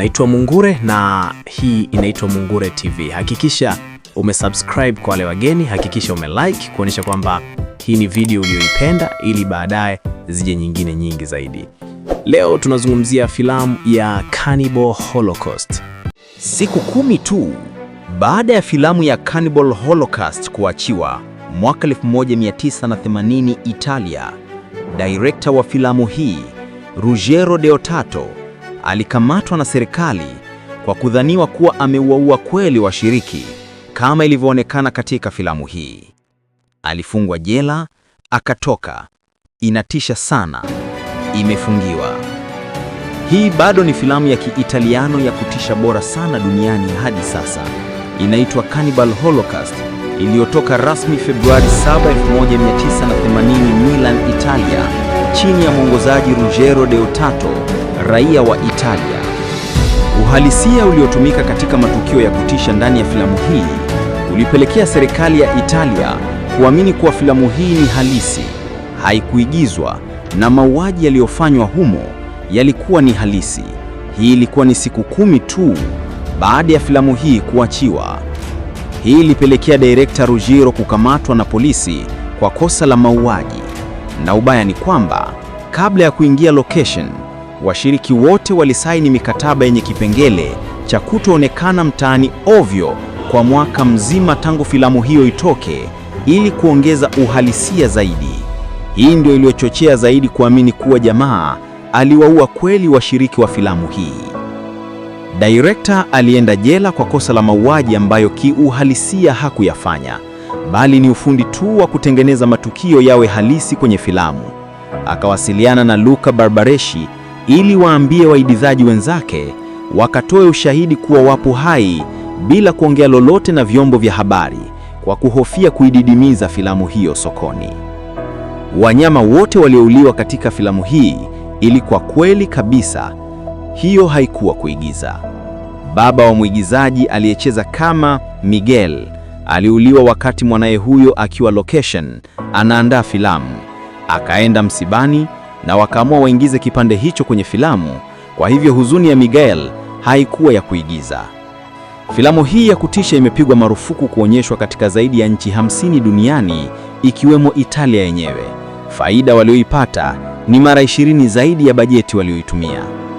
Naitwa Mungure na hii inaitwa Mungure TV. Hakikisha umesubscribe kwa wale wageni, hakikisha umelike kuonyesha kwamba hii ni video uliyoipenda ili baadaye zije nyingine nyingi zaidi. Leo tunazungumzia filamu ya Cannibal Holocaust. Siku kumi tu baada ya filamu ya Cannibal Holocaust kuachiwa mwaka 1980 Italia, director wa filamu hii Ruggero Deodato alikamatwa na serikali kwa kudhaniwa kuwa ameuaua kweli washiriki kama ilivyoonekana katika filamu hii. Alifungwa jela akatoka. Inatisha sana. Imefungiwa. Hii bado ni filamu ya Kiitaliano ya kutisha bora sana duniani hadi sasa. Inaitwa Cannibal Holocaust iliyotoka rasmi Februari 7, 1980 Milan, Italia, chini ya mwongozaji Ruggero Deodato raia wa Italia. Uhalisia uliotumika katika matukio ya kutisha ndani ya filamu hii ulipelekea serikali ya Italia kuamini kuwa filamu hii ni halisi, haikuigizwa na mauaji yaliyofanywa humo yalikuwa ni halisi. Hii ilikuwa ni siku kumi tu baada ya filamu hii kuachiwa. Hii ilipelekea direkta Ruggiero kukamatwa na polisi kwa kosa la mauaji, na ubaya ni kwamba kabla ya kuingia location washiriki wote walisaini mikataba yenye kipengele cha kutoonekana mtaani ovyo kwa mwaka mzima tangu filamu hiyo itoke, ili kuongeza uhalisia zaidi. Hii ndio iliyochochea zaidi kuamini kuwa jamaa aliwaua kweli washiriki wa filamu hii. Director alienda jela kwa kosa la mauaji ambayo kiuhalisia hakuyafanya, bali ni ufundi tu wa kutengeneza matukio yawe halisi kwenye filamu. Akawasiliana na Luca barbareshi ili waambie waigizaji wenzake wakatoe ushahidi kuwa wapo hai bila kuongea lolote na vyombo vya habari kwa kuhofia kuididimiza filamu hiyo sokoni. Wanyama wote waliouliwa katika filamu hii ili kwa kweli kabisa hiyo haikuwa kuigiza. Baba wa mwigizaji aliyecheza kama Miguel aliuliwa wakati mwanaye huyo akiwa location anaandaa filamu. Akaenda msibani na wakaamua waingize kipande hicho kwenye filamu. Kwa hivyo huzuni ya Miguel haikuwa ya kuigiza. Filamu hii ya kutisha imepigwa marufuku kuonyeshwa katika zaidi ya nchi hamsini duniani ikiwemo Italia yenyewe. Faida walioipata ni mara ishirini zaidi ya bajeti walioitumia.